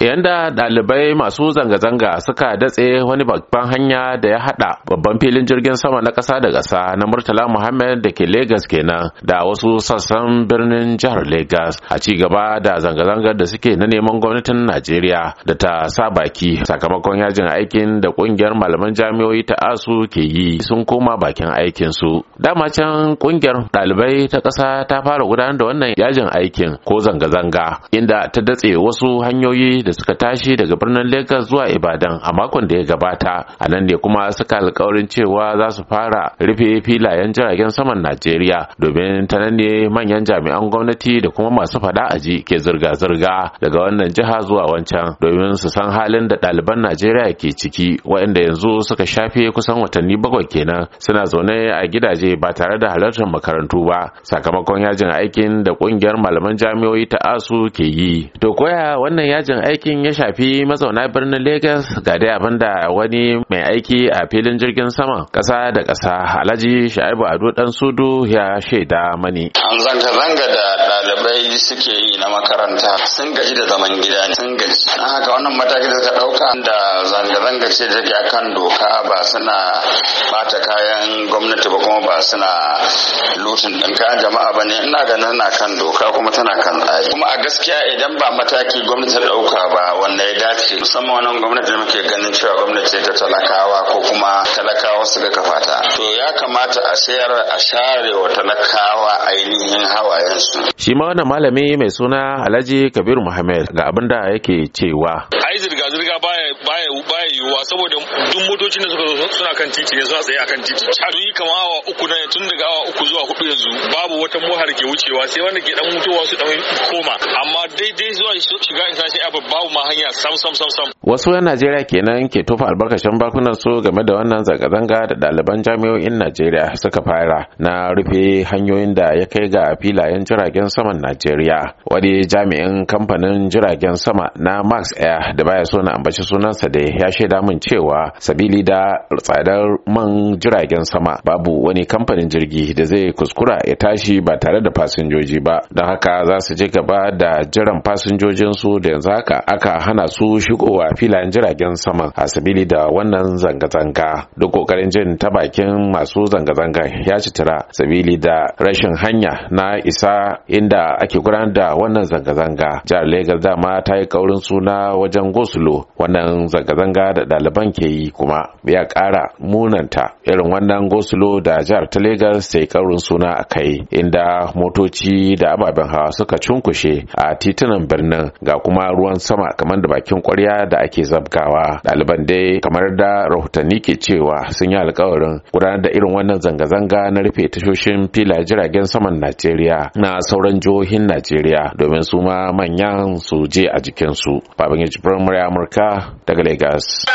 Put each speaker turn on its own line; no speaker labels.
yanda dalibai masu zanga-zanga suka datse wani babban hanya da ya hada babban filin jirgin sama na kasa da kasa na murtala muhammad da ke Legas kenan da wasu sassan birnin jihar Legas, a ci gaba da zanga-zangar da suke na neman gwamnatin najeriya da ta sa baki sakamakon yajin aikin da kungiyar malaman jami'o'i ta asu ke yi sun koma bakin aikin su dama can ƙungiyar dalibai ta kasa ta fara gudanar da wannan yajin aikin ko zanga-zanga inda ta datse wasu hanyoyi da suka tashi daga birnin Lagos zuwa Ibadan a makon da ya gabata. A nan ne kuma suka alkawarin cewa za su fara rufe filayen jiragen saman Najeriya domin ta nan ne manyan jami'an gwamnati da kuma masu fada aji ke zirga-zirga daga wannan jiha zuwa wancan domin su san halin da ɗaliban Najeriya ke ciki waɗanda yanzu suka shafe kusan watanni bakwai kenan suna zaune a gidaje ba tare da halartar makarantu ba sakamakon yajin aikin da ƙungiyar malaman jami'o'i ta ASU ke yi. To koya wannan yajin aikin aikin ya shafi mazauna birnin Legas ga dai abin da wani mai aiki a filin jirgin sama Kasa da kasa Alhaji Sha'ibu Ado Dan Sudu ya shaida mani. An
zanga-zanga da ɗalibai suke yi na makaranta sun gaji da zaman gida ne sun gaji. Don haka wannan mataki da suka ɗauka da zanga-zanga ce da take akan doka ba suna bata kayan gwamnati ba kuma ba suna lutin ɗin kayan jama'a ba ne ina ganin na kan doka kuma tana kan tsari. Kuma a gaskiya idan ba mataki gwamnati ta ɗauka ba wanda ya dace musamman wannan gwamnati da muke ganin cewa gwamnati ta talakawa ko kuma talakawa suka kafa to ya kamata a sayar a share wa talakawa ainihin hawayensu
shi ma wannan malami mai suna Alhaji Kabir Muhammad ga abin da yake cewa ai zirga zirga baya baya baya yiwuwa saboda duk motocin da suka zo suna kan titi ne suna tsaye akan titi a yi kama awa uku na tun daga awa uku zuwa hudu yanzu babu wata mohar ke wucewa sai wanda ke
dan mutuwa su dan koma amma daidai zuwa shiga in sai abu babu ma hanya sam sam sam
sam wasu yan Najeriya kenan ke tofa albarkacin bakunan su game da wannan zanga-zanga da ɗaliban jami'o'in Najeriya suka fara na rufe hanyoyin da ya kai ga filayen jiragen saman Najeriya wani jami'in kamfanin jiragen sama na Max Air da baya so na ambaci sunansa da ya shaida min cewa sabili da tsadar man jiragen sama babu wani kamfanin jirgi da zai kuskura ya tashi ba tare da fasinjoji ba don haka za su je gaba da jiran fasinjojinsu da yanzu haka aka hana su shigowa filayen jiragen sama a sabili da wannan zanga-zanga duk kokarin jin ta bakin masu zanga zanga ya ci tira sabili da rashin hanya na isa inda ake gudanar da wannan zanga-zanga jihar Legas dama ta yi kaurin suna wajen gosulo wannan zanga-zanga da ɗaliban ke yi kuma ya ƙara munanta irin wannan gosulo da jihar ta Legas ta yi kaurin suna a kai inda motoci da ababen hawa suka cunkushe a titunan birnin ga kuma ruwan sama kamar da bakin kwarya da ake zabkawa ɗaliban dai kamar da rahotanni ke cewa sun yi alkawarin gudanar da irin wannan zanga-zanga na rufe tashoshin fila jiragen saman najeriya na sauran jihohin najeriya domin su ma manyan su je a jikinsu babangiji firamare amurka daga Legas.